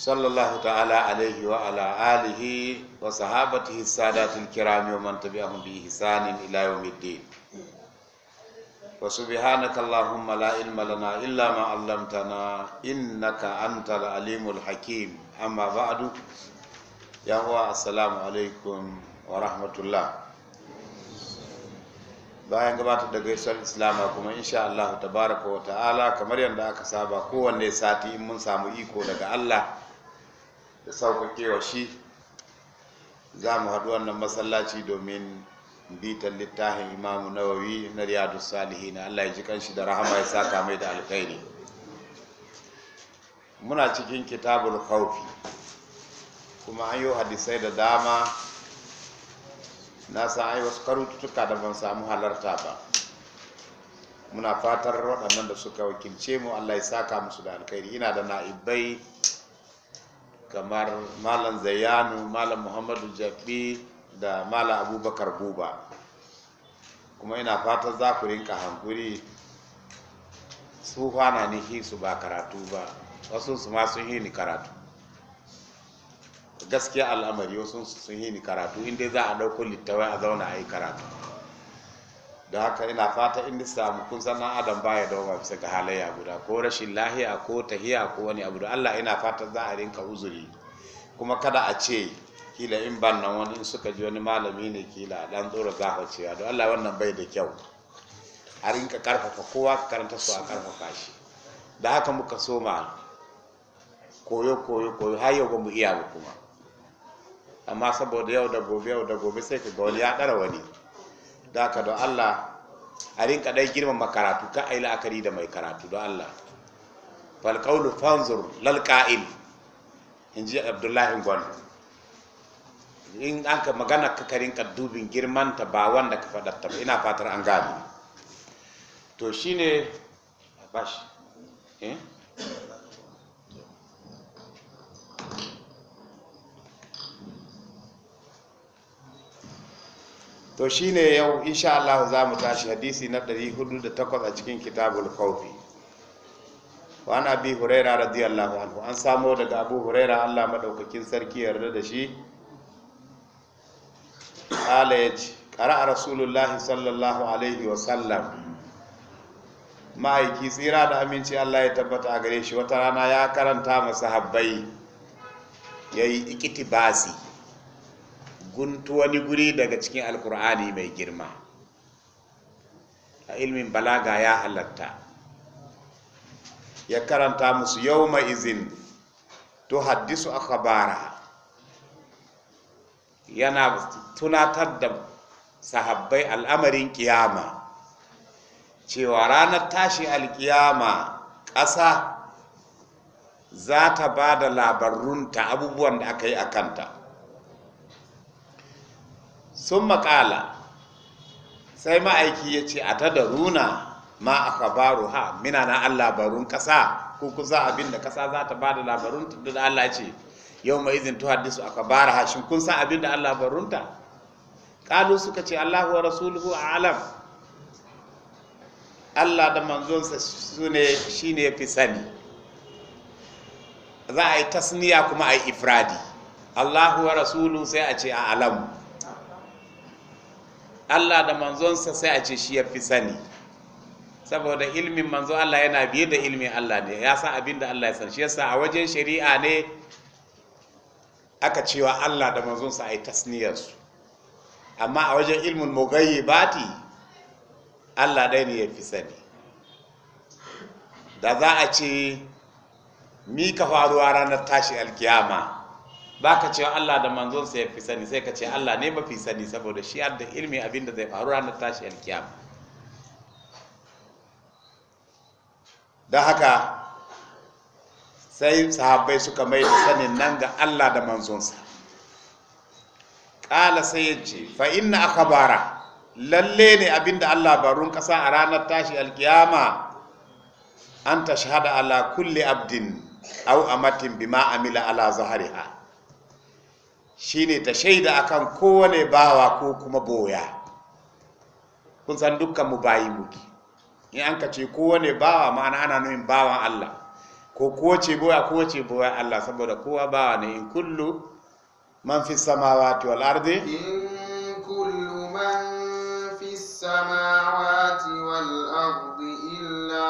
sallallahu ta'ala alaihi wa ala alihi wa sahabatihi sadatul kiram wa man tabi'ahum bi ihsanin ila yawmiddin wa subhanaka allahumma la ilma lana illa ma 'allamtana innaka antal alimul hakim amma ba'du ya wa assalamu alaikum wa rahmatullah bayan gabatar da gaisuwar islama kuma insha Allah tabaraka wa ta'ala kamar yadda aka saba kowanne sati in mun samu iko daga Allah da wa shi za mu haɗu wannan masallaci domin bitan littafin imamu nawawi na riyadu na allah ya ji kanshi da rahama ya saka mai da alkhairi muna cikin kitabul khawfi kuma an yi hadisai da dama na san an wasu wasu karututtuka da ban samu halarta ba muna fatan waɗannan da suka wakilce mu allah ya saka musu da alkhairi ina da na'ibai kamar malam zayanu malam muhammadu jabi da malam abubakar buba kuma ina fatan za ku rinka hankuri su fana ni su ba karatu ba wasu su ma sun yi ni karatu gaskiya al'amari wasu sun yi karatu inda za a ɗauko littawai a zauna a yi karatu da haka ina fata in samu kun san dan adam baya dawoma bisa ga halayya guda ko rashin lahiya ko tahiya ko wani abu da Allah ina fata za a rinka uzuri kuma kada a ce kila in ban nan wani in suka ji wani malami ne kila dan tsoro za cewa don Allah wannan bai da kyau a rinka karfafa kowa ka karanta su a karfafa shi da haka muka soma koyo koyo koyo har yau ba mu iya ba kuma amma saboda yau da gobe yau da gobe sai ka ga wani ya ɗara wani da aka don Allah a rinka dai girmama karatu ka ayi la'akari da mai karatu don Allah fal fanzur lalkail in ji Abdullahi Gwan in an ka magana ka rinka dubin girmanta ba wanda ka faɗa ta ina fatar an gani to shine bashi eh to shine yau insha Allah za mu tashi hadisi na 408 a cikin kitabul kawfi wa ana bi huraira radiyallahu anhu an samo daga abu huraira Allah madaukakin sarki yarda da shi ala ya ce rasulullahi sallallahu alaihi sallam. ma'aiki tsira da aminci Allah ya tabbata a gare shi wata rana ya karanta masa habbai ya yi ikitibasi guntu wani guri daga cikin alkur'ani mai girma a ilmin balaga ya halatta ya karanta musu yau izin to haddisu akhbara yana tunatar da sahabbai al'amarin kiyama cewa ranar tashi alkiyama ƙasa za ta ba da labarunta abubuwan da aka yi a kanta sun makala sai ma'aiki ya ce a tada runa ma a kabaru ha mina na allah ƙasa ko kusa abin da ƙasa za ta ba da labarun da allah ce yau mai izin disu a bara ha shin kun san abin da allah barunta kalu suka ce allahu wa rasuluhu a alam allah da manzonsa su ne shi ne fi sani za a yi tasniya kuma a yi ifradi allahu wa rasuluhu sai a ce a alamu Allah da manzonsa sai a ce shi ya fi sani saboda ilmin manzo Allah yana biye da ilmin Allah ne ya san abin da Allah ya san shi yasa a wajen shari'a ne aka cewa Allah da manzonsa a yi tasniyarsu amma a wajen ilmin bati Allah dai ne ya fi sani da za a ce mi ka faruwa ranar tashi alkiyama ba ka cewa Allah da manzon sa ya fi sani sai ka ce Allah ne mafi sani saboda shi da ilmi abin da zai faru ranar tashi alkiyama don haka sai sahabbai suka mai da sanin nan ga Allah da sa ƙala sai ya ce fa inna akhbara lalle ne abinda Allah barun kasa a ranar tashi alkiyama an tashhada ala kulli abdin aw amatin bima amila ala zahariha shine ta shaida akan kowane bawa ko kuma boya kun san dukkan mu bayi muke in an kace ce kowane bawa ma'ana ana nuhin bawan Allah ko ce boya kowace boya Allah saboda kowa bawa ne in kullu man fi samawati wal ardi in kullu man fi samawati wal ardi illa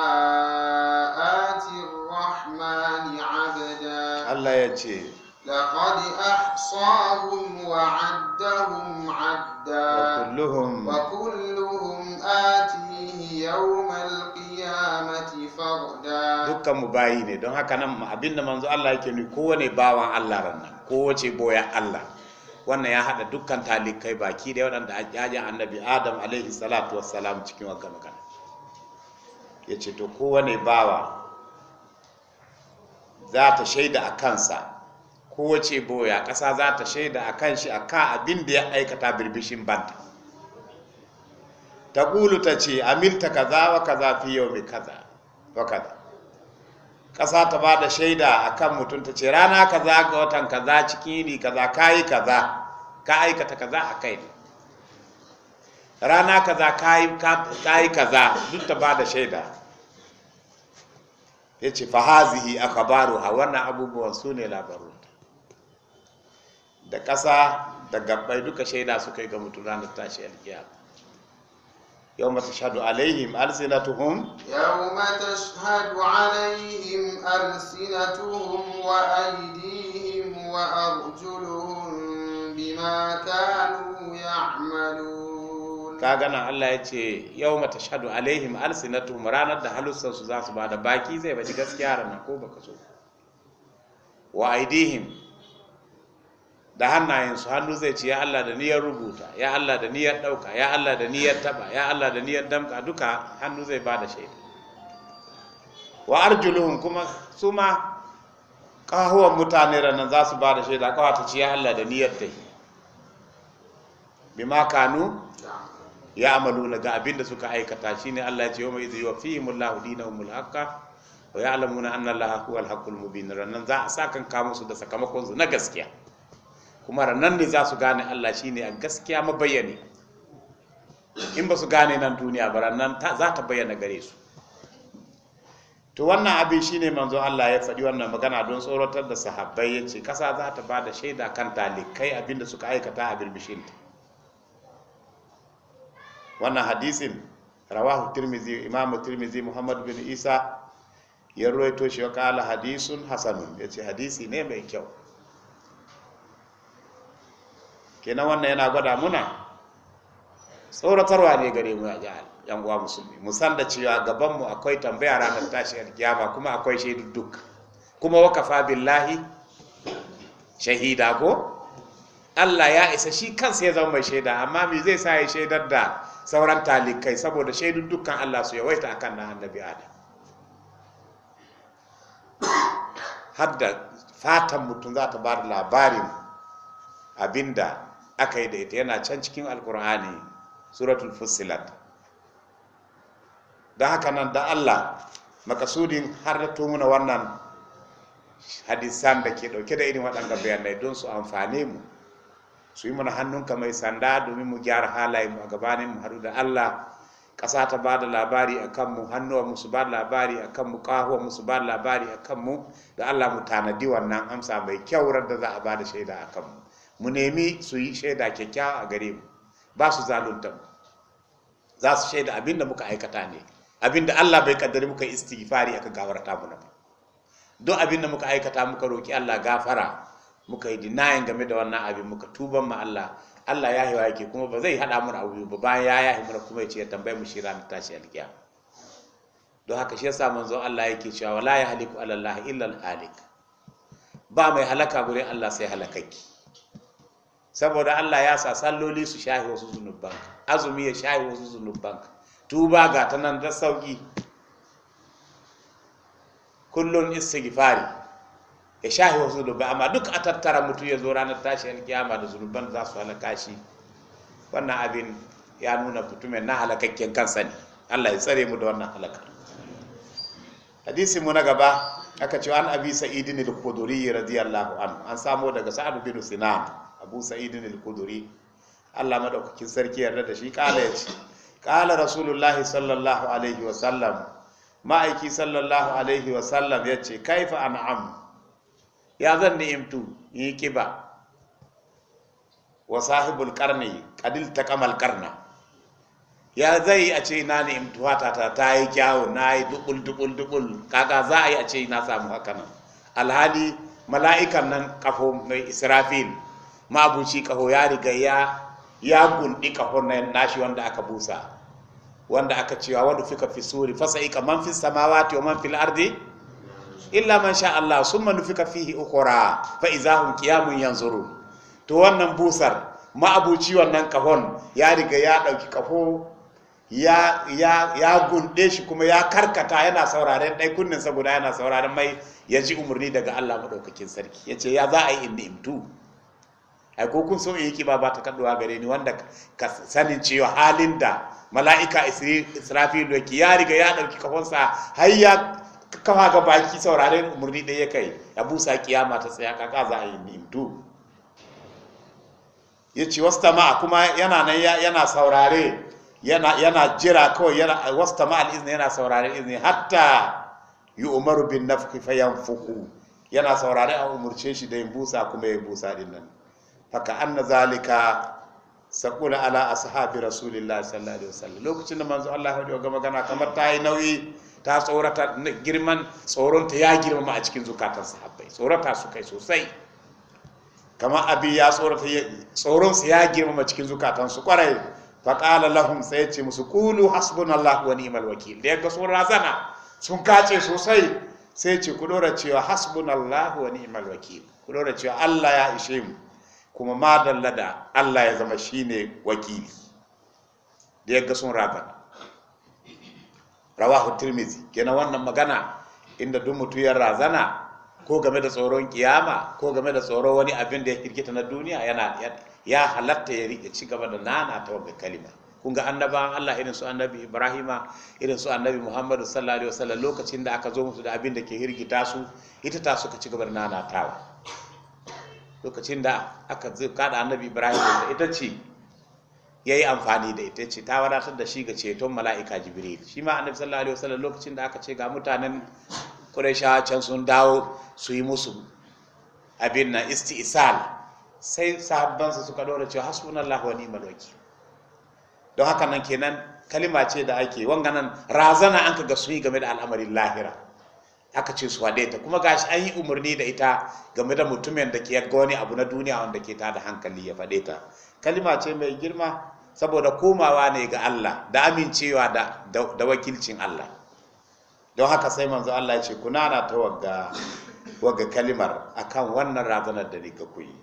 ati rahmani abada Allah ya ce لقد أحصاهم وعدهم عدا وكلهم وكلهم آتيه يوم القيامة فردا دكا مباينة دون هكا نم أبين منذ الله يكني كوني باوا الله رنا كوشي بويا الله wannan ya haɗa dukkan talikai baki da waɗanda a jajen annabi adam alaihi salatu wassalam cikin wagga magana ya ce to kowane bawa za ta shaida a kansa kowace boya ƙasa za ta shaida a kan shi a ka abin da ya aikata birbishin banta ta ƙulu ta ce amilta kaza wa kaza fi yau mai kaza wa kaza ƙasa ta ba da shaida a kan mutum ta ce rana kaza ga watan kaza cikin yini kaza ka yi kaza ka aikata kaza a kai rana kaza ka yi kaza duk ta ba da shaida ya ce fahazihi a wannan abubuwan su ne labaru da ƙasa da gabbai duka shaida su kai ga mutum ranar tashi alkiyama yau mata shaɗu alaihim tuhun. yau mata shaɗu alaihim alsinatuhum wa aidihim wa arjuluhum bima kanu ya'malun kaga nan Allah ya ce yau mata shaɗu alaihim tuhun. ranar da halussansu za su bada baki zai baji gaskiya ranar ko baka so wa aidihim da hannayensu hannu zai ce ya Allah da niyyar rubuta ya Allah da niyyar ɗauka ya Allah da niyyar taba ya Allah da niyyar damka duka hannu zai ba da shaida wa arjuluhum kuma su ma ƙahuwan mutane ranar za su ba da shaida kawai ta ce ya Allah da niyyar ta yi bima kanu ya amalu ga abin da suka aikata shine Allah ya ce mai zai yawma idhi yuwaffihimullahu dinahumul haqqa wa ya'lamuna anna Allah huwal haqqul mubin ranan za a sakan ka musu da sakamakon su na gaskiya kuma ranar ne za su gane Allah shine a gaskiya mabayyane in ba su gane nan duniya ba ranar za ta bayyana gare su to wannan abin shine manzo Allah ya faɗi wannan magana don tsoratar da sahabbai ya ce ƙasa za ta ba da shaida kan talikai abin da suka aikata a birbishinta wannan hadisin rawahu tirmizi imamu tirmizi muhammad bin isa ya ruwaito shi wa kala hadisun hasanun ya ce hadisi ne mai kyau kenan wannan yana gwada muna tsoratarwa ne gare mu ga yan uwa musulmi musan da cewa gaban mu akwai tambaya ranar tashi alkiyama kuma akwai shaidu duk kuma wakafa billahi shahida ko Allah ya isa shi kansa ya zama mai shaida amma me zai sa ya shaidar da sauran talikai saboda shaidu dukkan Allah su yawaita akan na annabi Adam hadda fatan mutum za ta ba da labarin abinda aka yi da ita yana can cikin alkur'ani suratul fusilat da haka nan da allah makasudin har da muna wannan hadisan da ke dauke da irin waɗanda bayanai don su amfane mu su yi mana hannunka mai sanda domin mu gyara halaye mu a gabanin mu haɗu da allah ƙasa ta ba da labari a kanmu hannuwa musu ba da labari a kanmu ƙahuwa musu ba da labari a kanmu da allah mu tanadi wannan amsa mai kyau da za a ba da shaida a kanmu mu nemi su yi shaida kyakkyawa a gare mu ba su zalunta mu za su shaida abin da muka aikata ne abin da Allah bai kaddari muka istighfari aka gawarta mu na ba don abin da muka aikata muka roki Allah gafara muka yi denying game da wannan abin muka tuban ma Allah Allah ya hiwa yake kuma ba zai hada mu abu ba bayan ya yahi mu kuma ya ce tambaye mu shi ranar tashi alkiyama don haka shi yasa manzo Allah yake cewa wala ya ala Allah illa al-halik ba mai halaka gure Allah sai halakakki saboda Allah ya sa salloli su shahi wasu zunuban azumi ya shahi wasu zunuban tuba ga ta nan da sauki kullun istighfari ya shahi wasu zunuban amma duk a tattara mutu ya zo ranar tashin kiyama da zunuban za su halaka shi wannan abin ya nuna mutumin na halakakken kansa ne Allah ya tsare mu da wannan halaka hadisi mu na gaba aka ce an abi sa'idin al-khudri radiyallahu anhu an samo daga sa'ad bin sinan abu sa'idin al-kuduri allah madaukakin sarki yarda da shi kala ya ce kala rasulullahi sallallahu alaihi wasallam ma'aiki sallallahu alaihi wasallam ya ce kaifa an'am ya zan ni'imtu yi kiba wa sahibul karni kadil ta kamal karna ya zai a ce na ni'imtu wata ta ta yi kyawu na yi dubul dubul dubul kaka za a yi a ce na samu hakanan. nan alhali mala'ikan nan kafo mai israfil mabuci kaho ya riga ya ya gundi kahon nan nashi wanda aka busa wanda aka cewa wanda fika fi suri fasa'ika man fi samawati wa man fil ardi illa man sha Allah summa nufika fihi ukhra fa izahum qiyamun yanzurun to wannan busar ma'abuci wannan kahon ya riga ya dauki kaho ya ya ya gunde shi kuma ya karkata yana sauraren dai kunnin saboda yana sauraren mai ya ji umarni daga Allah madaukakin sarki yace ya za a yi inni imtu ai ko kun so yake ba ba ta kaddowa gare ni wanda ka sanin cewa halin da mala'ika israfil yake ya riga ya ɗauki kafansa har ya kafa ga baki sauraren umarni da ya kai ya busa kiyama ta tsaya kaka za a yi nimdu ya ce wasu tama'a kuma yana nan yana saurare yana jira kawai yana tama'a al'izni yana saurare izini hatta yi umaru bin nafki fayan fuku yana saurare a umarce shi da yin busa kuma ya busa din nan haka anna zalika sakula ala sahabi rasulillah sallallahu alaihi wasallam lokacin da manzo Allah ya ga magana kamar ta yi nauyi ta tsorata girman tsoron ta ya girma a cikin zukatan sahabbai tsorata su kai sosai kama abi ya tsorata tsoron su ya a cikin zukatan su kwarai fa qala lahum sai ce musu qulu hasbunallahu wa ni'mal wakil da ga sun razana sun kace sosai sai ce ku dora cewa hasbunallahu wa ni'mal wakil ku dora cewa Allah ya ishe mu kuma ma da Allah ya zama shine wakili da ya ga sun raban rawahu tirmizi kenan wannan magana inda duk mutum ya razana ko game da tsoron kiyama ko game da tsoron wani abin da ya kirkita na duniya yana ya halatta ya rike ci gaba da nana ta wannan kalima kun ga annabawan Allah irin su annabi Ibrahima irin su annabi Muhammadu sallallahu alaihi wasallam lokacin da aka zo musu da abin da ke hirgita su ita ta suka ci gaba da nanatawa lokacin da aka kada annabi ibrahim da ita ce ya yi amfani da ita ce ta wadatar da shi ga ceton mala'ika jibril shi ma annabi sallallahu alaihi wasallam lokacin da aka ce ga mutanen qurayshawa can sun dawo su yi musu abin na isti'sal sai sahabbansa suka dora cewa hasbunallahu wa ni'mal wakil don haka nan kenan kalima ce da ake wanganan razana an ka ga su yi game da al'amarin lahira aka ce su ta kuma gashi an yi umarni da ita game da mutumin da ke ga wani abu na duniya wanda ke ta da hankali ya faɗe ta kalima ce mai girma saboda komawa ne ga Allah da amincewa da, wakilcin Allah don haka sai manzo Allah ya ce kuna na ta wagga wagga kalimar akan wannan razanar da ni ga kuyi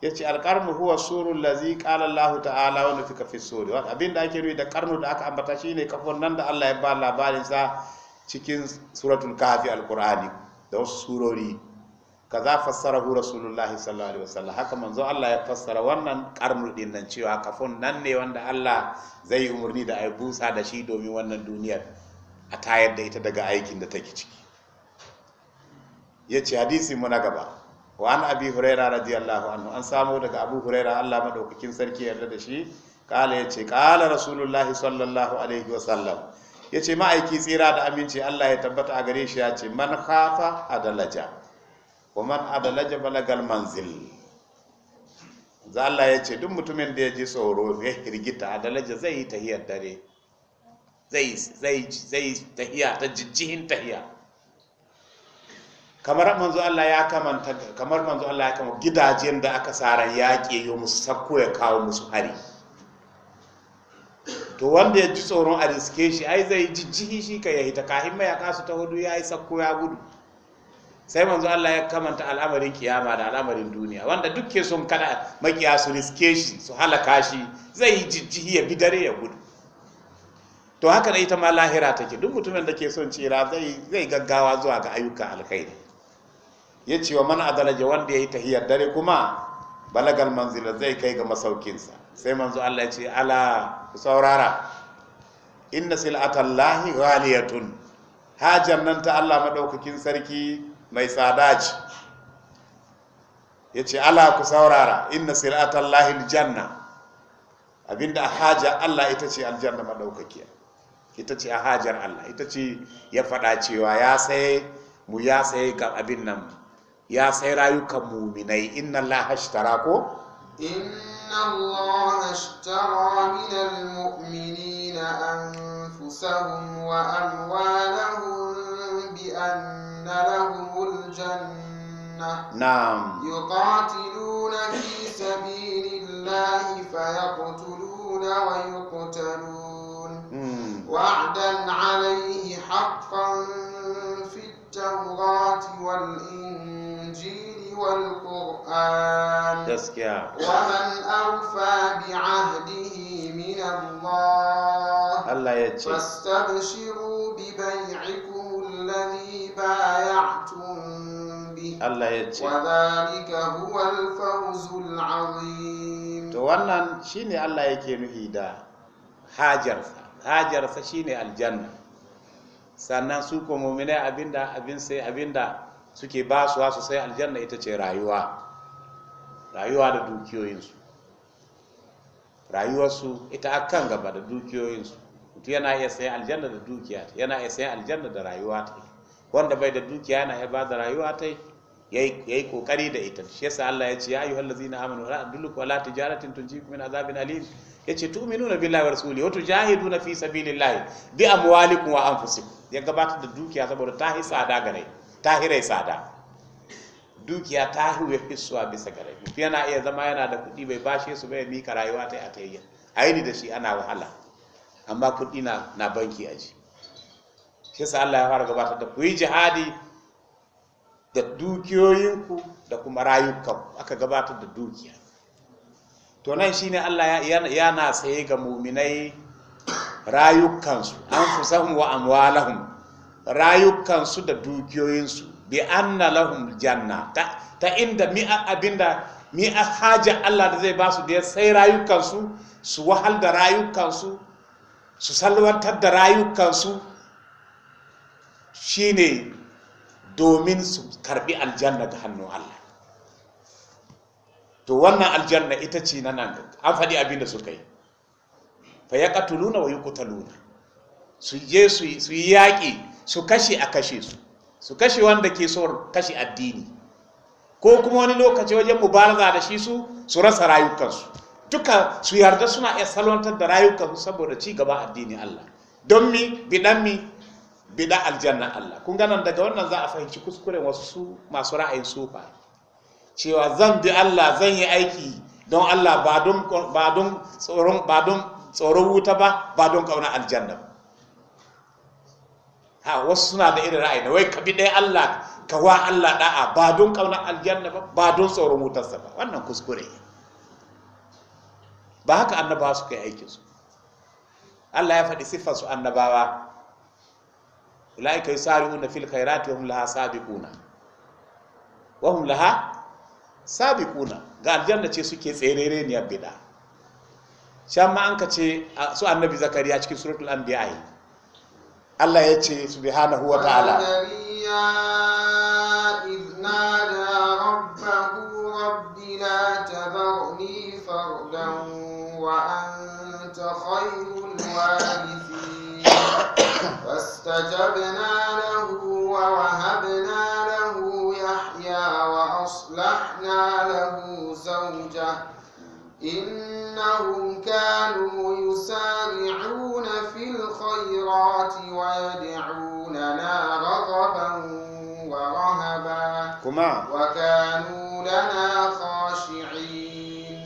ya ce alƙarnu huwa surun lazi ƙala Allah ta'ala wani fika fi suri abinda ake rui da ƙarnu da aka ambata shine kafin nan da Allah ya ba labarin sa cikin suratul kafi Alkur'ani da wasu surori ka za kaza fassarahu rasulullahi sallallahu alaihi wasallam haka manzo Allah ya fassara wannan karmur din nan cewa kafin nan ne wanda Allah zai umurni da ai busa da shi domin wannan duniyar a tayar da ita daga aikin da take ciki yace hadisi mu na gaba wa an abi huraira radiyallahu anhu an samu daga abu huraira Allah madaukakin sarki yarda da shi kala yace kala rasulullahi sallallahu alaihi wasallam ya ce ma'aiki tsira da aminci Allah ya tabbata a gare shi ya ce man khafa adalaja wa man adalaja balagal manzil za Allah ya ce duk mutumin da ya ji tsoro ya hirgita adalaja zai yi tahiyar dare zai yi tahiya ta jijjihin tahiya kamar manzo Allah ya kamanta kamar manzo Allah ya kamanta gidajen da aka tsara yaƙi yi musu sakko ya kawo musu hari to wanda ya ji tsoron a riske shi ai zai jijjihi shi ka yayi ta kahin mayaka su ta hudu ya yi sakko ya gudu sai manzo Allah ya kamanta al'amarin kiyama da al'amarin duniya wanda ke sun kada makiya su riske shi su halaka shi zai yi jijjihi ya bidare ya gudu to haka da ita ma lahira take duk mutumin da ke son tsira zai zai gaggawa zuwa ga ayyuka alkhairi ya ce wa man adalaje wanda ya yi tahiyar dare kuma balagal manzila zai kai ga masaukinsa sai manzo Allah ya ce ala ku saurara inna silatallahi ghaliyatun hajar nan ta Allah madaukakin sarki mai tsada ce yace ala ku saurara inna silatallahi aljanna abinda haja Allah ita ce aljanna madaukakiya ita ce hajar Allah ita ce ya faɗa cewa ya sai mu ya sai ga abin nan ya sai rayukan muminai inna Allah hashtara ko إن الله اشترى من المؤمنين أنفسهم وأموالهم بأن لهم الجنة نعم يقاتلون في سبيل الله فيقتلون ويقتلون وعدا عليه حقا في التوراة والإنجيل والقرآن gaskiya waman awfa bi ahdihi min Allah Allah ya ce fastabshiru bi bay'ikum alladhi bay'tum bi Allah ya ce wadhalika huwa al-fawzul 'azim to wannan shine Allah yake nufi da hajarsa sa shine aljanna sannan su ko mu'mina abinda abin sai abinda suke basuwa su sai aljanna ita ce rayuwa rayuwa da dukiyoyinsu rayuwarsu ita akan gaba da dukiyoyinsu mutum yana iya sayan aljanna da dukiya ta yana iya sayan aljanna da rayuwa ta wanda bai da dukiya yana iya ba da rayuwa ta ya yi kokari da ita shi yasa Allah ya ce ya ayyuhal ladzina amanu la adullukum ala tijaratin tunjikum min azabin alim tu tu'minuna billahi wa rasulihi wa tujahiduna fi sabilillahi bi amwalikum wa anfusikum ya gabatar da dukiya saboda ta hi tsada gare ta hirai tsada dukiya ta huye hisuwa bisa gare fiye yana iya zama yana da kuɗi bai bashe su bai mika rayuwa ta a tayyan aini da shi ana wahala amma kuɗi na na banki aji shi sa Allah ya fara gabatar da ku yi jihadi da dukiyoyinku da kuma rayukanku aka gabatar da dukiya to nan shine Allah ya na tsaye ga muminai rayukansu an fusahum wa amwalahum rayukansu da dukiyoyinsu bi anna lahum janna ta, ta inda mi abinda mi a haja Allah da zai ba su da sai rayukansu su wahal da rayukansu su salwantar da rayukansu shine domin su karbi aljanna da hannu Allah to wannan aljanna ita ce na nan an faɗi abinda da suka yi fa ya katuluna wa yi su je su yi yaƙi su kashe a kashe su su kashe wanda ke so kashe addini ko kuma wani lokaci wajen mubaraza da shi su su rasa rayukansu duka su yarda suna iya salwantar da rayukansu saboda ci gaba addini Allah don mi bidan mi bida aljanna Allah kun ganan daga wannan za a fahimci kuskuren wasu masu ra'ayin sufa cewa zan bi Allah zan yi aiki don Allah ba don tsoron wuta ba ba don kauna aljanna ba ha wasu suna da irin ra'ayi na wai ka bi ɗaya Allah ka wa Allah da'a ba don ƙaunar aljanna ba ba don tsoron wutarsa ba wannan kuskure ba haka annabawa suka yi aikin su Allah ya faɗi siffar su annabawa ulaika yusari'una fil khairati wa hum laha sabiquna wa hum laha sabiquna ga aljanna ce suke tserere ne bid'a shan ma an ka ce su annabi zakariya cikin suratul anbiya نادى ربه رب لا wa فردا وأنت خير الوارثين فاستجبنا له ووهبنا له يحيى وأصلحنا له زوجه إنهم kuma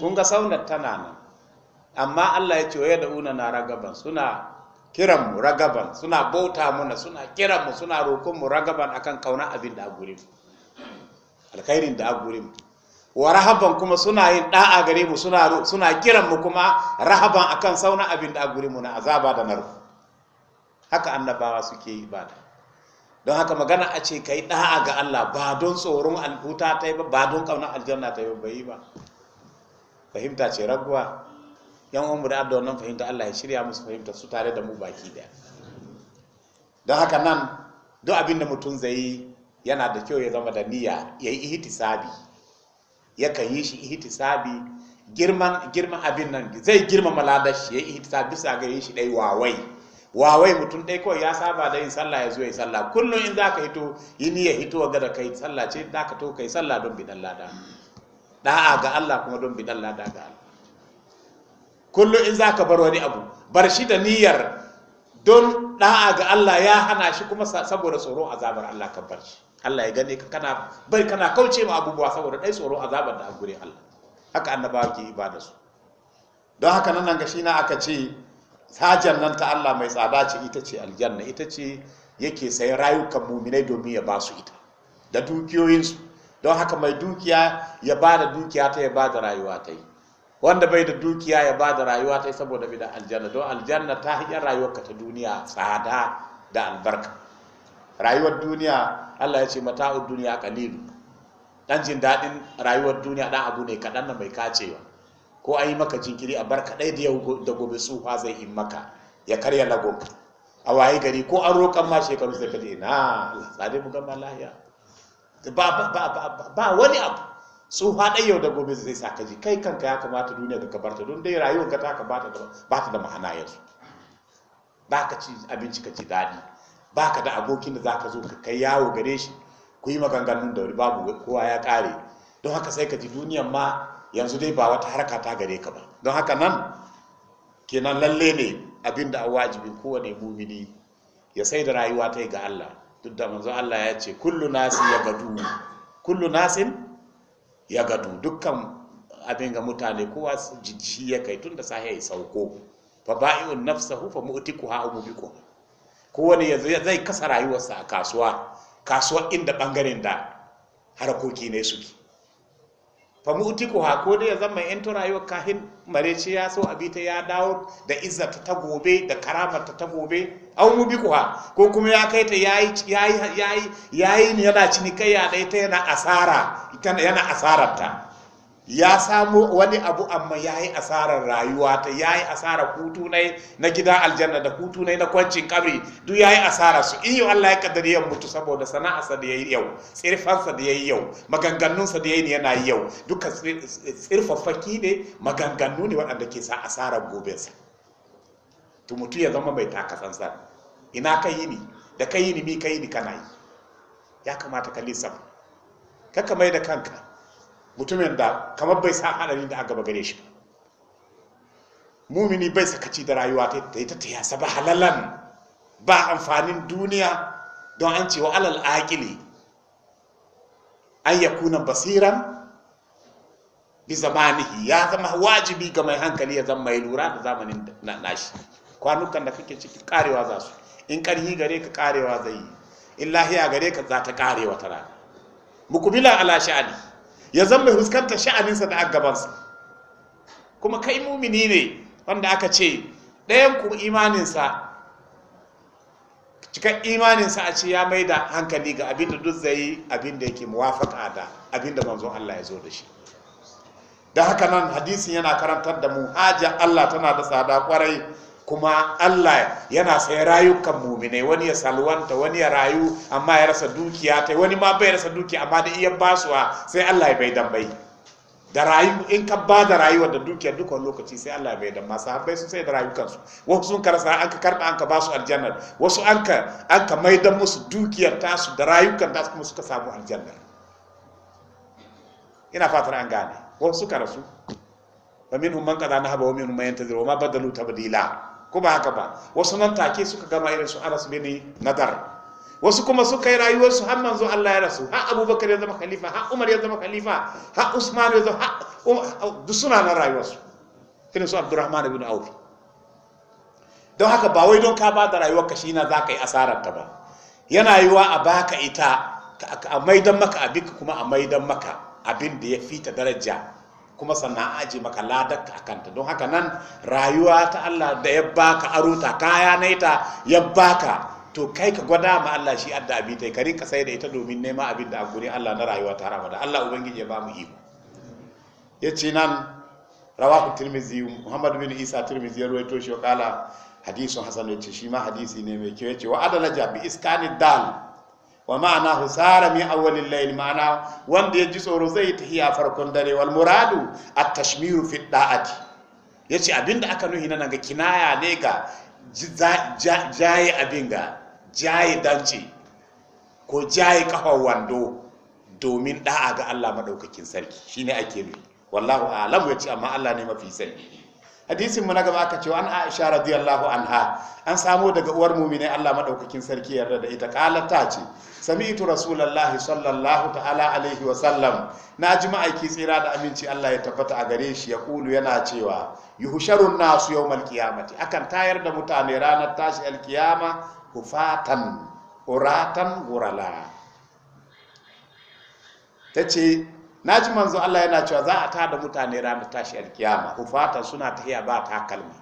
Kunga ga tana nan amma Allah ya ce wa da una na ragaban suna kiran mu ragaban suna bauta muna suna kiran mu suna roƙon mu ragaban akan kauna abin da agurin alkhairin da agurin wa rahaban kuma suna yin da'a gare mu suna kiran mu kuma rahaban akan sauna abin da agurin mu na azaba da narko haka annabawa suke yi ibada don haka magana a ce kai da'a ga Allah ba don tsoron alhuta ta yi ba ba don kaunar aljanna ta yi ba yi ba fahimta ce raguwa yan uwan da abda wannan fahimta Allah ya shirya musu fahimta su tare da mu baki daya don haka nan duk abin da mutum zai yana da kyau ya zama da niyya ya yi ihtisabi kan yi shi ihtisabi girman girman abin nan zai girmama ladar shi ya yi ihtisabi bisa ga yin shi dai wawai wawai mutum ɗai kawai ya saba da yin sallah ya zo ya sallah kullum in za ka hito yi ya hito ga da kai sallah ce za ka to kai sallah don bidan lada da'a ga Allah kuma don bidan lada ga Allah kullum in za ka bar wani abu bar shi da niyyar don da'a ga Allah ya hana shi kuma saboda tsoron azabar Allah ka bar shi Allah ya gane ka kana bari kana kauce ma abubuwa saboda ɗai tsoron azabar da a gure Allah haka annabawa ke da su don haka nan ga shi na aka ce sajan nan ta Allah mai tsada ce ita ce aljanna ita ce yake sayan rayukan muminai domin ya ba su ita da dukiyoyinsu don haka mai dukiya ya ba da dukiya ta ya ba da rayuwa ta yi wanda bai da dukiya ya ba da rayuwa ta yi saboda bai da aljanna don aljanna ta hanyar rayuwarka ta duniya tsada da albarka rayuwar duniya Allah ya ce mata'ud duniya kalilu dan jin daɗin rayuwar duniya dan abu ne kaɗan na mai kacewa ko a yi maka jinkiri a bar kaɗai da yau da gobe su ha zai yi maka ya karya lago a waye gari ko an roƙan ma shekaru sai kaje na tsare mu gama lahiya ba wani abu su ha ɗai yau da gobe zai sa ji kai kanka ya kamata duniya ka kabarta don dai rayuwar ka ta ba ta da ma'ana yanzu ba ka ci abinci ka ci daɗi ba ka da abokin da za ka zo ka kai yawo gare shi ku yi maganganun da wuri babu kowa ya ƙare don haka sai ka ji duniyan ma yanzu dai ba wata harka ta gare ka ba don haka nan kenan lalle ne abin da wajibi kowane mumini ya sai da rayuwa ta yi ga Allah duk da manzo Allah ya ce kullu nasi ya gadu kullu nasin ya gadu dukkan abin ga mutane kowa jijji ya kai tun da sahiya ya sauko fa ba'i'un nafsahu fa mu'tikuha wa mubiquha kowane yanzu zai kasa rayuwarsa a kasuwa kasuwar inda bangaren da harakoki ne suke fa mu ha ko dai ya zama yan rayuwa kahin mareci ya so a ta ya dawo da izzata ta gobe da karamarta ta gobe an ha ko kuma ya kai ta yayi yayi yayi yayi yana cinikayya dai ta yana asara yana asararta ya samu wani abu amma ya yi asarar rayuwa ta ya yi asarar hutu na gida aljanna da hutu na kwancin kabri duk ya yi asarar su in yi Allah ya kaddari ya mutu saboda sana'arsa da ya yi yau tsirfansa da ya yi yau maganganunsa da ya yi yana yi yau duka tsirfaffaki ne maganganu ne waɗanda ke sa asarar gobensa to mutu ya zama mai takasansa ina ka yi ni da ka yi ni mi ka yi ni kana yi ya kamata ka lissafa kaka mai da kanka mutumin da kamar bai sa hadari da aka gare shi mumini bai sakaci da rayuwa ta yi ta taya. ba halalan ba amfanin duniya don an cewa alal aƙili an yakuna basiran bi zamanihi ya zama wajibi ga mai hankali ya zama mai lura da zamanin nashi kwanukan da kake ciki karewa za su in karhi gare ka karewa zai yi in lahiya gare ka za ta karewa ta rana mukubila ala sha'ani ya zama mai fuskantar sha'aninsa da gabansa kuma kai mumini ne wanda aka ce ɗayan ku imaninsa cikin imaninsa a ce ya mai da hankali ga abin da duk zai yi abin da yake muwafaka da abinda da manzon Allah ya zo da shi da haka nan hadisin yana karantar da mu haja Allah tana da tsada kwarai kuma Allah yana sai rayukan muminai wani ya salwanta wani ya rayu amma ya rasa dukiya ta wani ma bai rasa dukiya amma da iya basuwa sai Allah ya bai dan bai da rayu in ka ba da rayuwar da duk duka lokaci sai Allah ya bai dan masu habai su sai da su wasu sun karasa an ka karba an ka basu aljannar wasu an ka an ka mai dan musu dukiyar su da rayukan su kuma suka samu aljannar ina fatar an gane wasu karasu rasu wa minhum man qada nahaba wa minhum man yantazir wa ma badalu tabdila ko ba haka ba wasu nan take suka gama irin su aras bin nadar wasu kuma suka yi rayuwarsu har manzo Allah ya rasu har abubakar ya zama khalifa har umar ya zama khalifa har usman ya zama duk suna nan rayuwarsu irin su abdurrahman bin auf don haka ba wai don ka ba da rayuwar shi na za ka yi asarar ta ba yana yiwa a baka ita a maidan maka abinka kuma a maidan maka abin da ya fita daraja kuma sannan a aji maka ladar a kanta don haka nan rayuwa ta Allah da ya baka aruta kaya na ita ya baka to kai ka gwada ma Allah shi adda abi ta kari ka sai da ita domin nema abin da a gurin Allah na rayuwa ta da Allah ubangiji ya ba mu iko yace nan rawahu tirmizi Muhammad bin Isa tirmizi ya ruwaito shi kala hadisun hasan yace shi ma hadisi ne mai kyau yace wa adala jabi iskani dal wa ma'ana sara min wani layl ma'ana wanda ya ji tsoro zai a farkon dare wal muradu a tashmiru fi da'ati abin da aka nuhi na ga kinaya ne ga jaye abin ga jaye danci ko jaye kafar wando domin da'a ga Allah maɗaukakin sarki shine ake nuhi wallahu ya ce amma Allah ne mafi sani hadisin mu na gaba aka cewa an Aisha radiyallahu anha an samo daga uwar mu'mini Allah madaukakin sarki yarda da ita kala ce sami'tu rasulullahi sallallahu ta'ala alaihi wa sallam na ji ma'aiki tsira da aminci Allah ya tabbata a gare shi ya kulu yana cewa yuhsharun nasu yawmal qiyamati akan tayar da mutane ranar tashi alkiyama hufatan uratan gurala tace na ji manzo Allah yana cewa za a tada mutane ranar tashi alkiyama hufatan suna ta tahiya ba takalma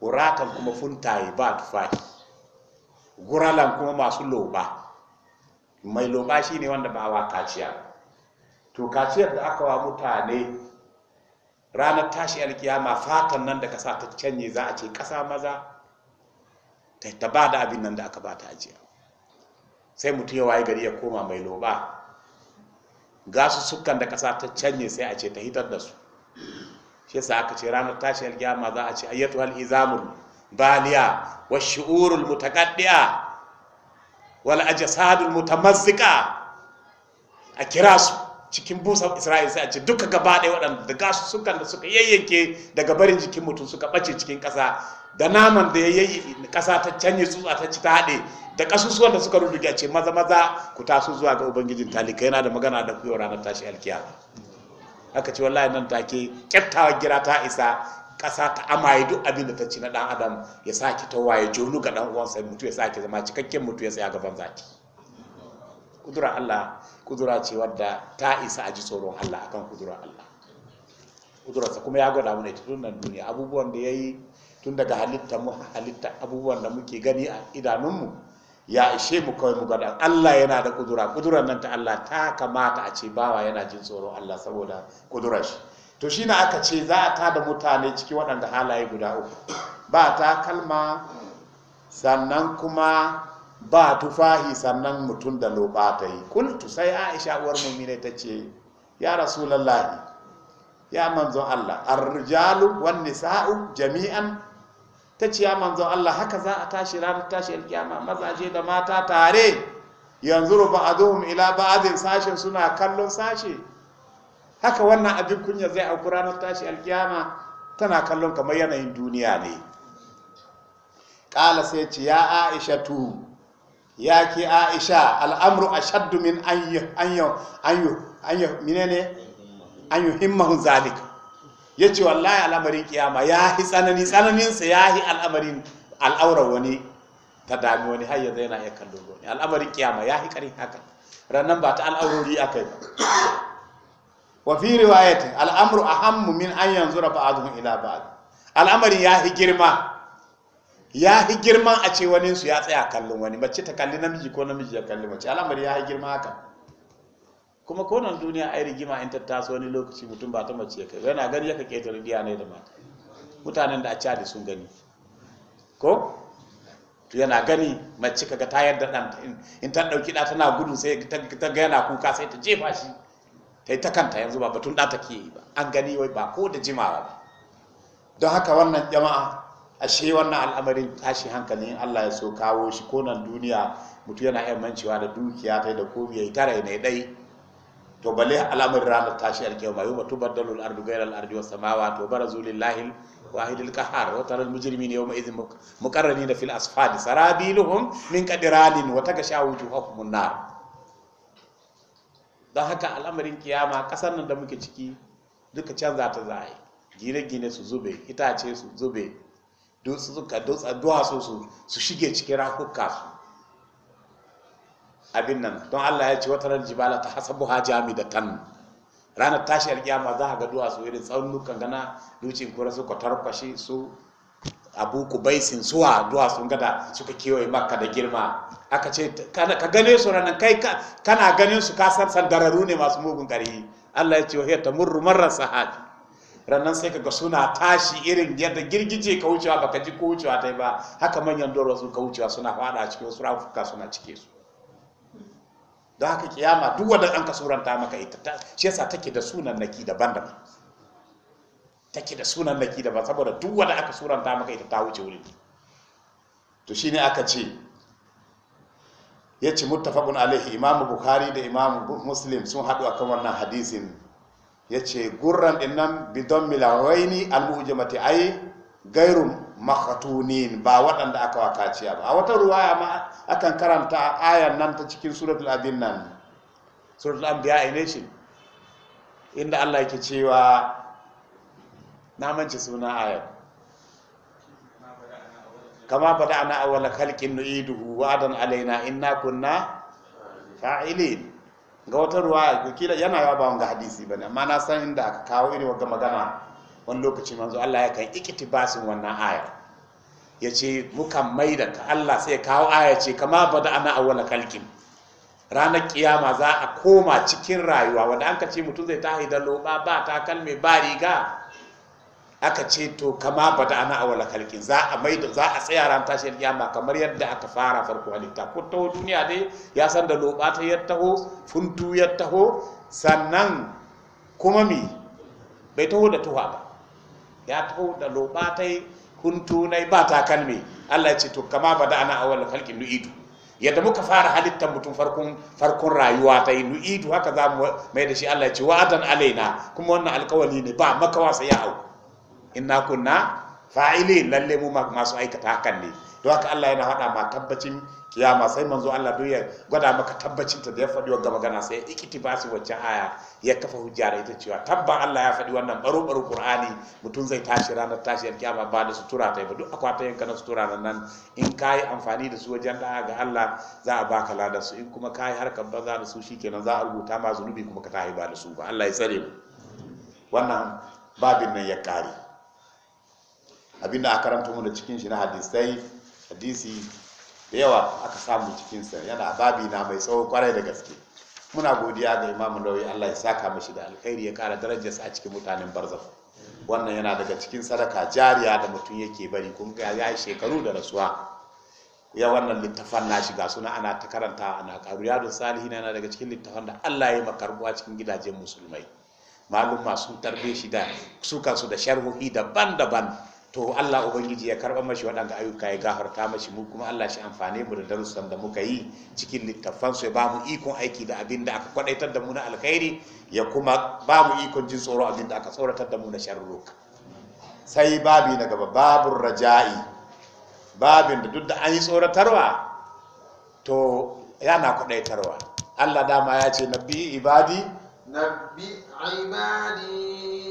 uratan kuma funtaye ba tufafi guralan kuma masu loba mai loba shi ne wanda ba wa kaciya to kaciyar da aka wa mutane ranar tashi alkiyama fatan nan da kasa ta canye za a ce kasa maza ta ba da abin nan da aka ba ta ajiya sai mutum ya waye gari ya koma mai loba gasu sukan da ƙasa ta canye sai a ce ta hitar da su shi yasa aka ce ranar tashi ma za a ce ayyatu hal izamul baliya wa shu'urul mutaqaddiya wal ajsadul mutamazzika a kira su cikin busan Isra'il sai a ce duka gaba ɗaya waɗanda da gasu sukan da suka yayyanke daga barin jikin mutum suka ɓace cikin ƙasa da naman da ya yi ƙasa ta canye tsutsa ta ci ta haɗe da ƙasusuwan da suka rubuta ce maza maza ku taso zuwa ga ubangijin talika yana da magana da kuyo ranar tashi alkiya aka ce wallahi nan take kyattawa gira ta isa ƙasa ta amaye duk abin da ta ci na dan adam ya sake ta waye jonu ga ɗan uwansa mutu ya sake zama cikakken mutu ya tsaya gaban zaki kudura Allah kudura ce wadda ta isa a ji tsoron Allah akan kudura Allah kudura sa kuma ya gwada mu ne tun nan duniya abubuwan da ya yi tun daga halitta mu halitta abubuwan da muke gani a idanunmu ya ishe mu kawai mu gada Allah yana da kudura kuduran nan ta Allah ta kamata a ce bawa yana jin tsoron Allah saboda kudurar shi to shine aka ce za a tada mutane ciki waɗanda halaye guda uku ba ta kalma sannan kuma ba tufahi sannan mutum da loba ta yi kultu sai aisha uwar mummine ta ce ya rasulallahi ya manzo Allah arrijalu rijalu wan nisa'u jami'an ta ciya manzon Allah haka za a tashi ranar tashi alkiyama mazaje da mata tare yanzu ruba ba'aduhum ila ba'adin sashen suna kallon sashe haka wannan abin kunya zai auku ranar tashi alkiyama tana kallon kamar yanayin duniya ne Kala sai ce ya aisha tu ya ki aisha al'amru a shaddu min an yi himmahun zalika ya ce wallahi al'amarin kiyama ya yi tsanani tsananinsa ya yi al'amarin al'aura wani ta dami wani har yanzu yana iya kallon wani al'amarin kiyama ya yi karin haka rannan ba ta al'aurori aka yi wa fi riwayatin al'amru ahammu min an yanzu rafa azumin ila ba. al'amarin ya yi girma ya yi girma a ce wani su ya tsaya kallon wani mace ta kalli namiji ko namiji ya kalli mace al'amari ya yi girma haka kuma konan duniya ai gima in ta taso wani lokaci mutum ba ta mace kai yana gani yaka ketare biya ne da mata mutanen da a cadi sun gani ko to yana gani mace kaga ta yarda dan in ta dauki da tana gudu sai ta ga yana kuka sai ta jefa shi ta yi ta kanta yanzu ba batun ɗata ke yi ba an gani wai ba ko da jimawa ba don haka wannan jama'a ashe wannan al'amarin tashi hankalin Allah ya so kawo shi konan duniya mutu yana iya mancewa da dukiya ta da komi ya yi tara ya dai to balle alamar ranar tashi alkiyama yau mutu baddalu al-ardu gairar al wa samawa to wa zuli lahil al-wahid al-qahhar wa tara al-mujrimina yawma idhin fil asfali sarabiluhum min wata wa sha wujuhahum an munna don haka al'amarin kiyama kasar nan da muke ciki duka canza ta za gine-gine su zube itace su zube duwatsu su shige cikin rakuka su abin nan don Allah ya ce wata ran jibala ta hasabu ha tan ranar tashi kiyama za ga duwatsu irin tsaunukan gana ducin kura su kwatarfashi su abu kubaisin suwa duwatsun gada suka kewaye makka da girma aka ce ka gane su ranar kai kana ganin su ka san sandararu ne masu mugun gari. Allah ya ce wahiyar ta murru marar sahabi ranar sai ka ga suna tashi irin yadda girgije ka wucewa baka ji ko wucewa ta ba haka manyan doro sun ka wucewa suna fada cikin wasu rafuka suna cike su don haka kiyama duk wanda an ka suranta maka ita ta shi yasa take da sunan naki daban-daban take da sunan naki daban saboda duk wanda aka suranta maka ita ta wuce wurin to shine aka ce yace muttafaqun alaihi imamu bukhari da imamu muslim sun haɗu akan wannan hadisin yace gurran dinnan bidon milawaini almujamati ai gairun makhatunin ba waɗanda aka wa kaciya ba a wata ruwaya ma akan karanta ayan nan ta cikin suratul abin nan suratul anbiya ne shi inda Allah yake cewa na mance suna ayan kama bada ana awwala khalqin nu'iduhu wa'adan alaina inna kunna fa'ilin ga wata ruwaya kila yana yawa ba wanga hadisi bane amma na san inda aka kawo irin wagga magana wani lokaci manzo Allah ya kan basin wannan aya ya ce mukan maida ka Allah sai kawo aya ce kama da ana awwala kalkin ranar kiyama za a koma cikin rayuwa wanda an ka ce mutum zai ta haida loba ba ta kalme ba riga aka ce to kama ba da ana awwala kalkin za a maida za a tsaya ran tashi kiyama kamar yadda aka fara farko halitta ko taho duniya dai ya san da loba ta ya taho funtu ya taho sannan kuma mi bai taho da tuha ba ya taho da lobatai huntunai ba takalmi Allah ya ce to kama bada ana awal khalqin nu'idu yadda muka fara halittar mutum farkon farkon rayuwa ta yi nu'idu haka za mu mai da shi Allah ya ce wa'adan alaina kuma wannan alkawali ne ba makawa sai ya hau inna kunna fa'ili lalle mu masu aikata hakan ne don haka Allah yana faɗa ma tabbacin kiyama sai manzo Allah duk ya gwada maka tabbacin ta da ya faɗi wa magana sai ikitibasi wacce aya ya kafa hujja da ita cewa tabba Allah ya faɗi wannan baro baro Qur'ani mutum zai tashi ranar tashi kiyama ba da sutura ta yi ba duk akwatayen ka na sutura nan nan in kai amfani da su wajen da ga Allah za a baka ladar su in kuma kai harkar banza da su shikenan za a rubuta ma zunubi kuma ka tahi ba da su ba Allah ya tsare mu wannan babin nan ya kare abinda a karanta mu da cikin shi na hadisai hadisi da yawa aka samu cikinsa yana babi na mai tsawo kwarai da gaske muna godiya ga imamu nauyi allah ya saka mashi da alkhairi ya kara darajarsa a cikin mutanen barzaf wannan yana daga cikin sadaka jariya da mutum yake bari kun ga ya yi shekaru da rasuwa ya wannan littafan na shiga suna ana ta karanta ana karu yadon salihin yana daga cikin littafan da allah ya makarbuwa cikin gidajen musulmai malum masu tarbe shi da su da sharhohi daban-daban to Allah ubangiji ya karɓa mashi waɗanda ayyuka ya gafarta mashi mu kuma Allah shi amfane mu da darussan da muka yi cikin littafan su ya ba mu ikon aiki da abin da aka kwadaitar da mu na alkhairi ya kuma ba mu ikon jin tsoro abin da aka tsoratar da mu na sharruka sai babi na gaba babur raja'i babin da duk da an yi tsoratarwa to yana kwadaitarwa Allah dama ya ce nabi ibadi nabi ibadi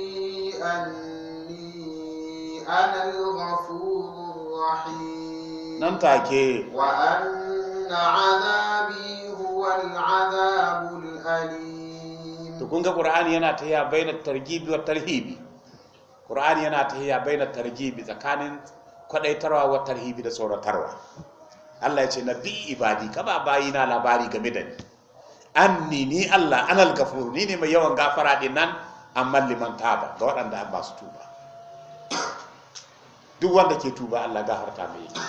أنا الغفور الرحيم نن take وأن عذابي هو العذاب الأليم to kun ga yana ta baina targibi wa tarhibi targibi tsakanin kwadaitarwa wa tarhibi da tsoratarwa Allah ya ce nabi ibadi kaba bayi na labari game da ni An ni Allah anal gafur ni ne mai yawan gafara din nan amma ba taba ga waɗanda an ba su tuba duk wanda ke tuba Allah gafarta mai yake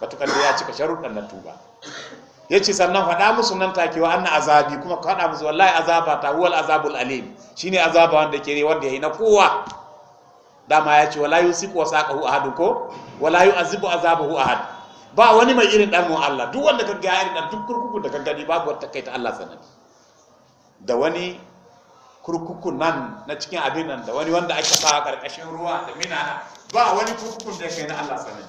matukar da ya cika sharuɗan na tuba ya ce sannan faɗa musu nan take wa anna azabi kuma ka faɗa musu wallahi azaba ta huwal azabul alim shine azaba wanda ke wanda yayi na kowa dama ya ce wala yusiku wasaqahu hadu ko wala yu'azibu azabahu ahad ba wani mai irin dan Allah duk wanda kaga irin dan duk kurkuku da kaga babu wata kai ta Allah sanadi da wani kurkuku nan na cikin abin nan da wani wanda ake sa karkashin ruwa da mina ba wani kurkukun da kai na Allah Sani.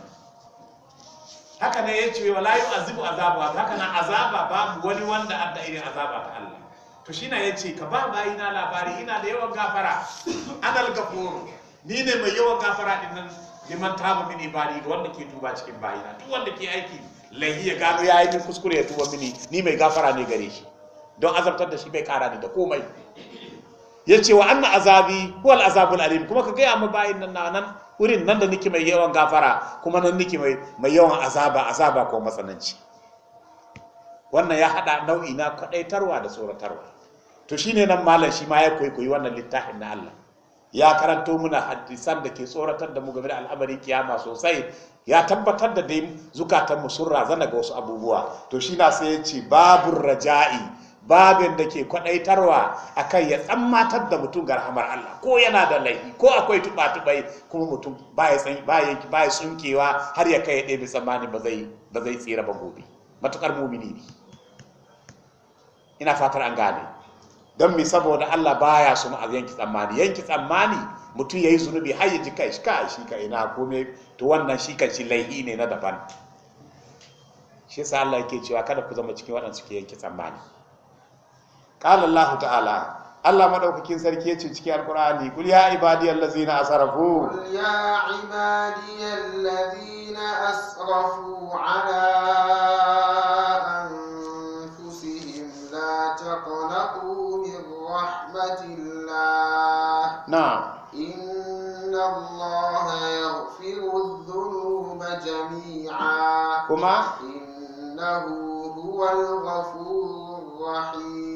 haka ne yace wala yu'azibu azabu haka na azaba babu wani wanda adda irin azaba ta Allah to shi na yace ka ba bayi na labari ina da yawan gafara anal gafur ni ne mai yawan gafara din nan liman tabu min ibadi ga wanda ke tuba cikin bayi na duk wanda ke aiki lahi ya gano ya yi kuskure ya tuba mini ni mai gafara ne gare shi don azabtar da shi bai kara ni da komai Ya ce wa na azabi huwa azabul alim kuma ka gaya mu bayin nan nan wurin nan da nake mai yawan gafara kuma nan nake mai mai yawan azaba azaba ko matsananci wannan ya hada nau'i na kadaitarwa da tsoratarwa to shine nan malam shi ma ya koyi wannan littafin na Allah ya karanto muna hadisan da ke tsoratar da mu game da al'amarin kiyama sosai ya tabbatar da dai zukatan mu sun razana ga wasu abubuwa to shi na sai ya ce babu raja'i babin da ke kwadaitarwa kan ya tsammatar da mutum ga rahamar Allah ko yana da laifi ko akwai tuba-tubai kuma mutum ba ya sunkewa har ya kai ya ɗebe tsammani ba zai tsira ba gobe matuƙar mumini ne ina fatar an gane don mi saboda Allah baya su ma'az yanki tsammani yanki tsammani mutum ya yi zunubi har ya ji kai shi kai shi na kome to wannan shi kan shi laifi ne na daban shi sa Allah yake cewa kada ku zama cikin waɗanda suke yanki tsammani qala allah ta'ala Allah madaukakin sarki ya ce cikin alkur'ani kul ya ibadiyal ladzina asrafu kul ya ibadiyal ladzina asrafu ala anfusihim la taqnatu min rahmatillah na'am inna allaha yaghfiru dhunuba jami'a kuma innahu huwal ghafurur rahim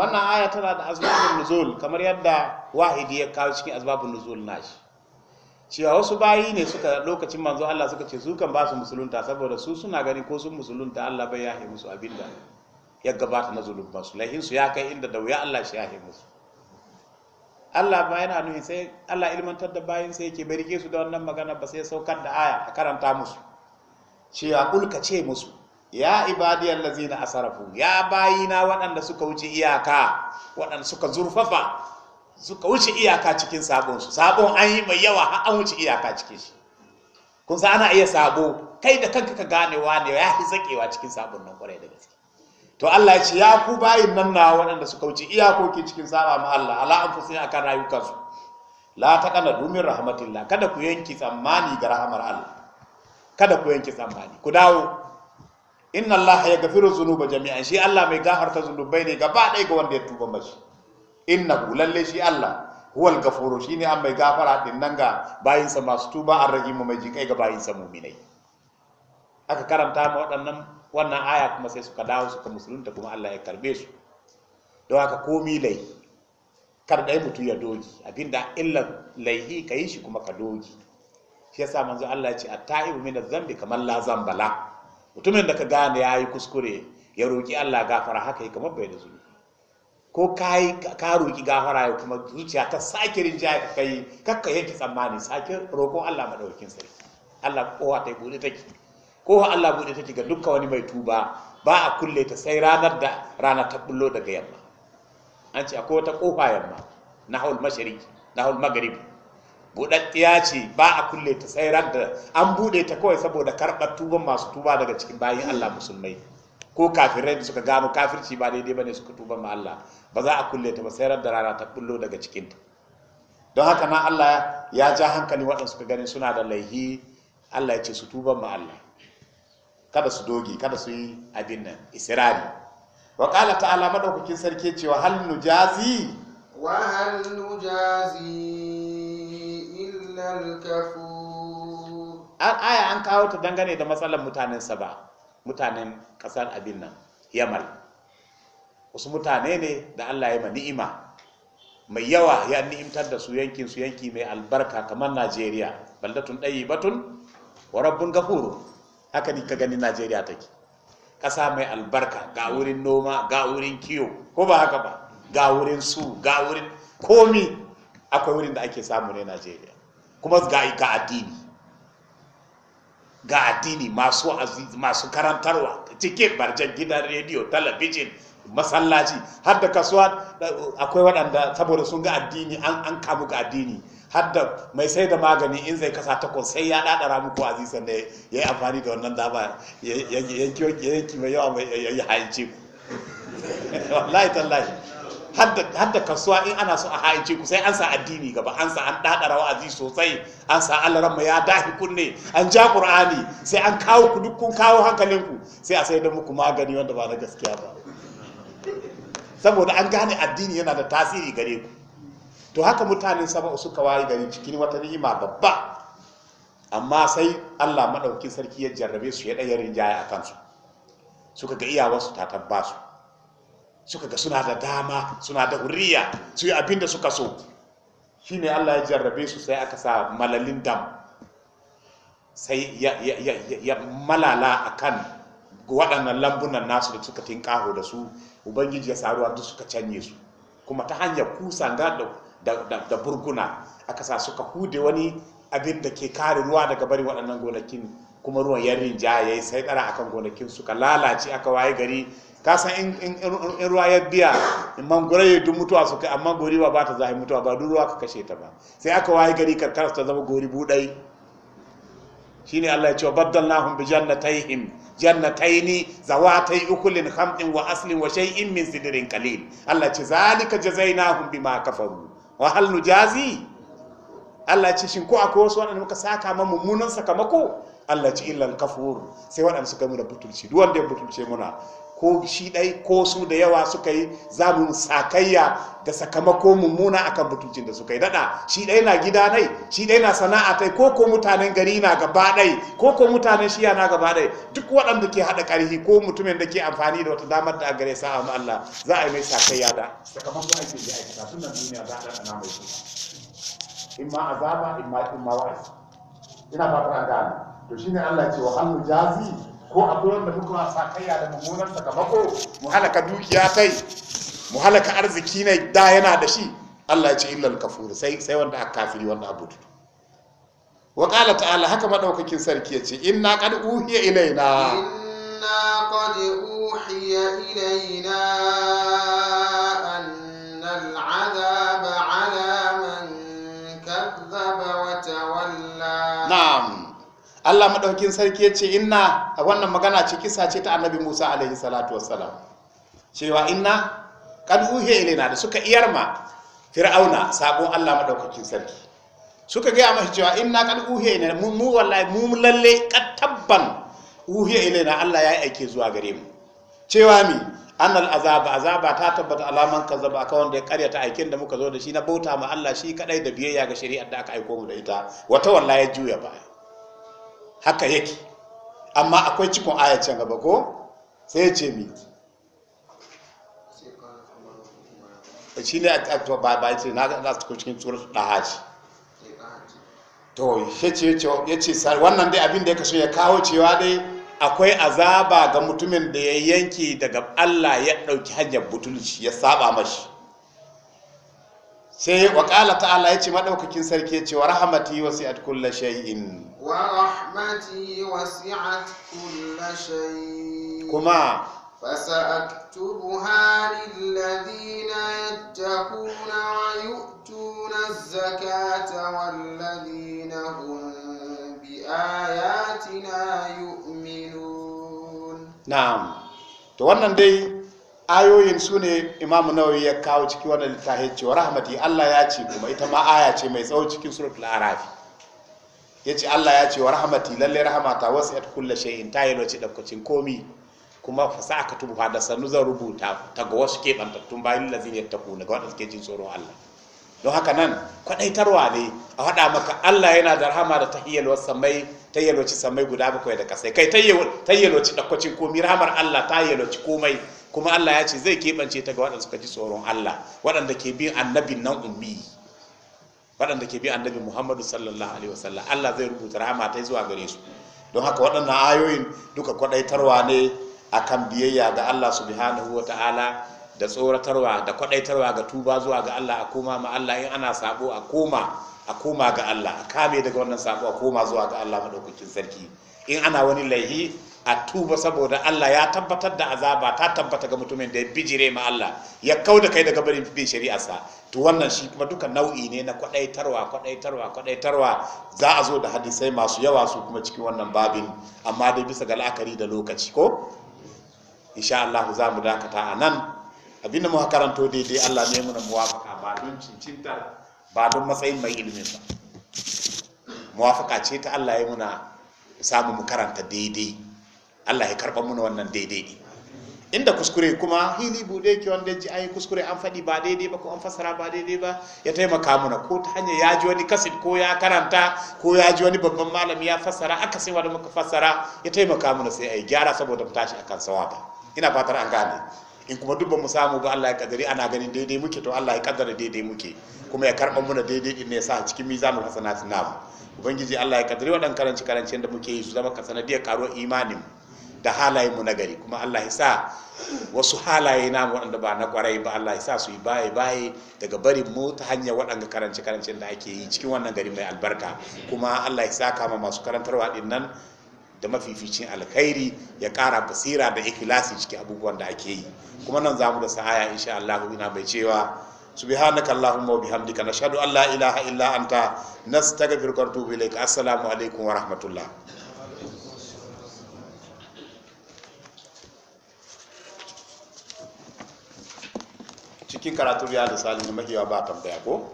wannan aya tana da azbabun nuzul kamar yadda wahidi ya kawo cikin azbabun nuzul nashi cewa wasu bayi ne suka lokacin manzo Allah suka ce su kan ba su musulunta saboda su suna gani ko sun musulunta Allah bai yahe musu abinda ya gabata na ba su laihin su ya kai inda da wuya Allah shi yahe musu Allah ba yana nuhi sai Allah ilmantar da bayin sai yake barke su da wannan magana ba sai saukar da aya a karanta musu cewa kulka ce musu ya ibadiyar lazina a sarrafu. ya bayina waɗanda suka wuce iyaka waɗanda suka zurfafa suka wuce iyaka cikin sabonsu sabon an yi mai yawa an wuce iyaka cikin shi kun sa ana iya sabo kai da kanka ka ganewa ne ya fi zakewa cikin sabon nan kwarai da gaske to Allah ya ce ya ku bayin nan na waɗanda suka wuce iyakoki cikin saba ma Allah ala a akan rayukansu la kana dumin rahmatillah kada ku yanki tsammani ga rahamar Allah kada ku yanki tsammani ku dawo inna allaha yaghfiru dhunuba jami'an shi Allah mai gafarta zunubai ne gaba ɗaya ga wanda ya tuba mashi innahu lalle shi Allah huwal gafuru ne an mai gafara din nan ga bayinsa masu tuba mu mai jikai ga bayinsa mu'minai aka karanta ma waɗannan wannan aya kuma sai suka dawo suka musulunta kuma Allah ya karbe su don haka komi laihi kar dai mutum ya dogi abinda illa laihi ka yi shi kuma ka dogi shi yasa manzo Allah ya ce a taibu min adh-dhanbi kamar la zambala mutumin da ka gane ya yi kuskure ya roƙi Allah gafara haka yi kamar bai da zunubi ko ka roƙi gafara ya kuma zuciya ta sake rinjaya ka kai kakka yanke tsammani sake roƙo Allah maɗaukin sarki Allah kowa ta buɗe take kowa Allah buɗe take ga dukkan wani mai tuba ba a kulle ta sai ranar da ranar ta bullo daga yamma an ce akwai wata kofa yamma nahul Mashariki, nahul magharibi buɗaɗɗiya ce ba a kulle ta tsairar da an buɗe ta kawai saboda karɓar tuban masu tuba daga cikin bayan Allah musulmai ko kafirai da suka gano kafirci ba daidai ba ne suka tuba ma Allah ba za a kulle ta ba tsairar da rana ta bullo daga cikin ta don haka na Allah ya ja hankali waɗansu suka gani suna da laihi Allah ya ce su tuba ma Allah kada su doge kada su yi abin nan isirari wa qala ta'ala madaukakin sarki cewa hal nujazi wa hal nujazi an kawo ta dangane da matsalar mutanen sa ba mutanen kasar abin nan yamal wasu mutane ne da Allah ya ma ni'ima mai yawa ya ni'imtar da su yankin su yanki mai albarka kamar Najeriya baldatun ɗayi batun wa gafuru haka ni ka gani Najeriya take ƙasa mai albarka ga wurin noma ga wurin kiwo ko ba haka ba ga wurin su ga wurin komi akwai wurin da ake samu ne Najeriya kuma ga addini ga addini masu masu karantarwa cike barjan gidan rediyo talabijin masallaci har da kasuwa akwai waɗanda saboda sun ga addini an kamu ga addini har da mai sai da magani in zai kasa takwas sai ya ɗaɗara muku azisan da ya yi amfani da wannan dama yanki mai yawa ya yi hayanci ku wallahi tallahi hadda kasuwa in ana so a haice ku sai an sa addini gaba an sa an dadara wa'azi sosai an sa alaran ya dahi kunne an ja qur'ani sai an kawo ku duk kun kawo hankalin ku sai a sai da muku magani wanda ba na gaskiya ba saboda an gane addini yana da tasiri gare ku to haka mutanen sama suka waye gari cikin wata ni'ima babba amma sai Allah maɗauki sarki ya jarrabe su ya ɗaya rinjaya a kansu suka ga iyawarsu ta tabbasu suka ga suna da dama suna da hurriya su yi abin da suka so shi ne Allah ya jarrabe su sai aka sa malalin dam sai ya malala a kan waɗannan lambunan nasu da suka tinkaho da su ubangiji ya saruwa duk suka canye su kuma ta hanyar kusa da burguna aka sa suka hude wani abin da ke kare ruwa daga bari waɗannan gonakin kuma ruwan ya rinja ya yi sai tsara akan gonakin Ka lalace aka waye gari ka san in ruwa ya biya mangurai ya duk mutuwa suka amma goriwa ba ta zahi mutuwa ba duk ruwa ka kashe ta ba sai aka waye gari karkar ta zama gori budai shine Allah ya ce baddalnahum bi jannatayhim jannataini zawatai ukulin khamdin wa aslin wa shay'in min sidrin qalil Allah ya ce zalika jazainahum bima kafaru wa hal nujazi Allah ya ce shin ko akwai wasu wanda muka saka ma mummunan sakamako Allah ci illan kafur sai waɗanda suka da butulci duk wanda ya butulce muna ko shi ɗai ko su da yawa suka yi za mu sakayya da sakamako mummuna akan butulcin da suka yi daɗa shi ɗai na gida nai shi ɗai na sana'a tai ko ko mutanen gari na gaba ɗai ko ko mutanen shiya na gaba ɗai duk waɗanda ke haɗa ƙarfi ko mutumin da ke amfani da wata damar da a gare sa ma Allah za a yi mai sakayya da sakamako ake yi aikata tun nan duniya za a ɗaɗa mai kuka ma azaba in ma wa'azi ina fatan gane to shine Allah ce wa halu jazi ko a akwai da muka sa kaiya da mummunan sakamako mu halaka dukiya kai mu halaka arziki ne da yana da shi Allah ya ce illal kafur sai sai wanda aka kafiri wanda abu wa qala ta'ala haka madaukakin sarki ya ce inna qad uhiya ilaina inna qad uhiya ilaina العذاب على من كذب وتولى نعم Allah madaukin sarki yace inna a wannan magana ce kisa ce ta Annabi Musa alaihi salatu wassalam cewa inna kad uhiya ilaina da suka iyarma fir'auna sabon Allah madaukakin sarki suka gaya mashi cewa inna kad uhiya ilaina mu mu wallahi mu lalle katabban tabban uhiya ilaina Allah ya aike zuwa gare mu cewa mi annal azaba azaba ta tabbata alaman kazzaba aka wanda ya karyata aikin da muka zo da shi na bauta ma Allah shi kadai da biyayya ga shari'ar da aka aiko mu da ita wata wallahi ya juya baya haka yake amma akwai cikin ayacin gaba ko sai ce mi shi ne a ba ba ce na za su cikin tsoron da haji to ya ce wannan dai abin da ya kaso ya kawo cewa dai akwai azaba ga mutumin da ya yanki daga allah ya ɗauki hanyar butulci ya saba mashi sai wakala ta'ala ya ce maɗaukakin sarki ya ce wa rahamati wasu at kulla shay'in ورحمتي وسعت كل شيء كما فسأكتبها للذين يتقون ويؤتون الزكاة والذين هم بآياتنا يؤمنون نعم to wannan dai ayoyin su ne imamu nawawi ya kawo ciki wannan littafin cewa rahmati Allah ya ce kuma ita ma aya ce mai tsawo cikin suratul arabi ya ce allah ya ce wa rahamati lallai rahamata wasu yadda kulla shayin ta yi lokaci ɗaukacin komi kuma fasa aka tubu da sannu zan rubuta ta ga wasu keɓantattun bayan lazini ya taku daga waɗanda suke jin tsoron allah don haka nan kwaɗaitarwa ne a haɗa maka allah yana da rahama da ta samai ta samai guda bakwai da kasai kai ta yalwaci ɗaukacin komi rahamar allah ta yalwaci komai kuma allah ya ce zai keɓance ta ga waɗanda suka ji tsoron allah waɗanda ke bin annabin nan ummi waɗanda ke bi annabi muhammadu sallallahu alaihi wasallam allah zai rubuta rahama ta zuwa gare su don haka waɗannan ayoyin duka kwaɗaitarwa ne akan biyayya ga allah subhanahu wa ta'ala da tsoratarwa da kwaɗaitarwa ga tuba zuwa ga allah a koma ma allah in ana sabo a koma a koma ga allah a kame daga wannan sabo a koma zuwa ga allah maɗaukakin sarki in ana wani laihi a tuba saboda Allah ya tabbatar da azaba ta tabbata ga mutumin da ya bijire ma Allah ya kau da kai daga barin bin shari'arsa to wannan shi kuma duka nau'i ne na kwadaitarwa kwadaitarwa kwadaitarwa za a zo da hadisai masu yawa su kuma cikin wannan babin amma dai bisa ga la'akari da lokaci ko insha Allah za mu dakata a nan abinda mu karanto daidai Allah ne mu na muwafaka ba don cincinta ba don matsayin mai ilimin ba muwafaka ce ta Allah ya muna samu mu karanta daidai Allah ya karɓar mana wannan daidai ne inda kuskure kuma hili bude ki wanda ji ayi kuskure an faɗi ba daidai ba ko an fasara ba daidai ba ya taimaka mana ko ta hanyar ya ji wani kasin ko ya karanta ko ya ji wani babban malami ya fasara aka sai wani muka fasara ya taimaka mana sai a yi gyara saboda mu tashi akan sawa ba ina fatar an gane in kuma duk mu samu ba Allah ya kaddare ana ganin daidai muke to Allah ya kaddara daidai muke kuma ya karɓa mana daidai din ne ya sa cikin mizanul hasanat namu ubangiji Allah ya kaddare waɗannan karanci karanci da muke yi su zama ka sanadiyar karuwar imanin mu da halaye mu nagari kuma Allah ya sa wasu halaye na waɗanda ba na kwarai ba Allah ya sa su yi baye baye daga barin mu ta hanyar waɗanda karance karancen da ake yi cikin wannan gari mai albarka kuma Allah ya sa kama masu karantarwa din nan da mafificin alkhairi ya ƙara basira da ikhlasi cikin abubuwan da ake yi kuma nan zamu da sa'aya insha Allah ina bai cewa سبحانك اللهم وبحمدك نشهد ان لا اله الا انت نستغفرك ونتوب اليك السلام عليكم ورحمه الله cikin karatu ya da salin da makewa ba tambaya ko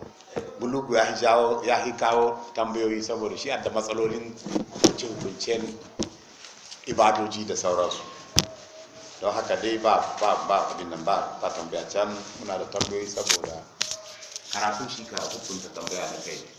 buluku ya jawo ya hi kawo tambayoyi saboda shi da matsalolin cin kuncen ibadoji da sauransu don haka dai ba ba ba abin nan ba ba tambaya can muna da tambayoyi saboda karatu shi ka hukunta tambaya da kai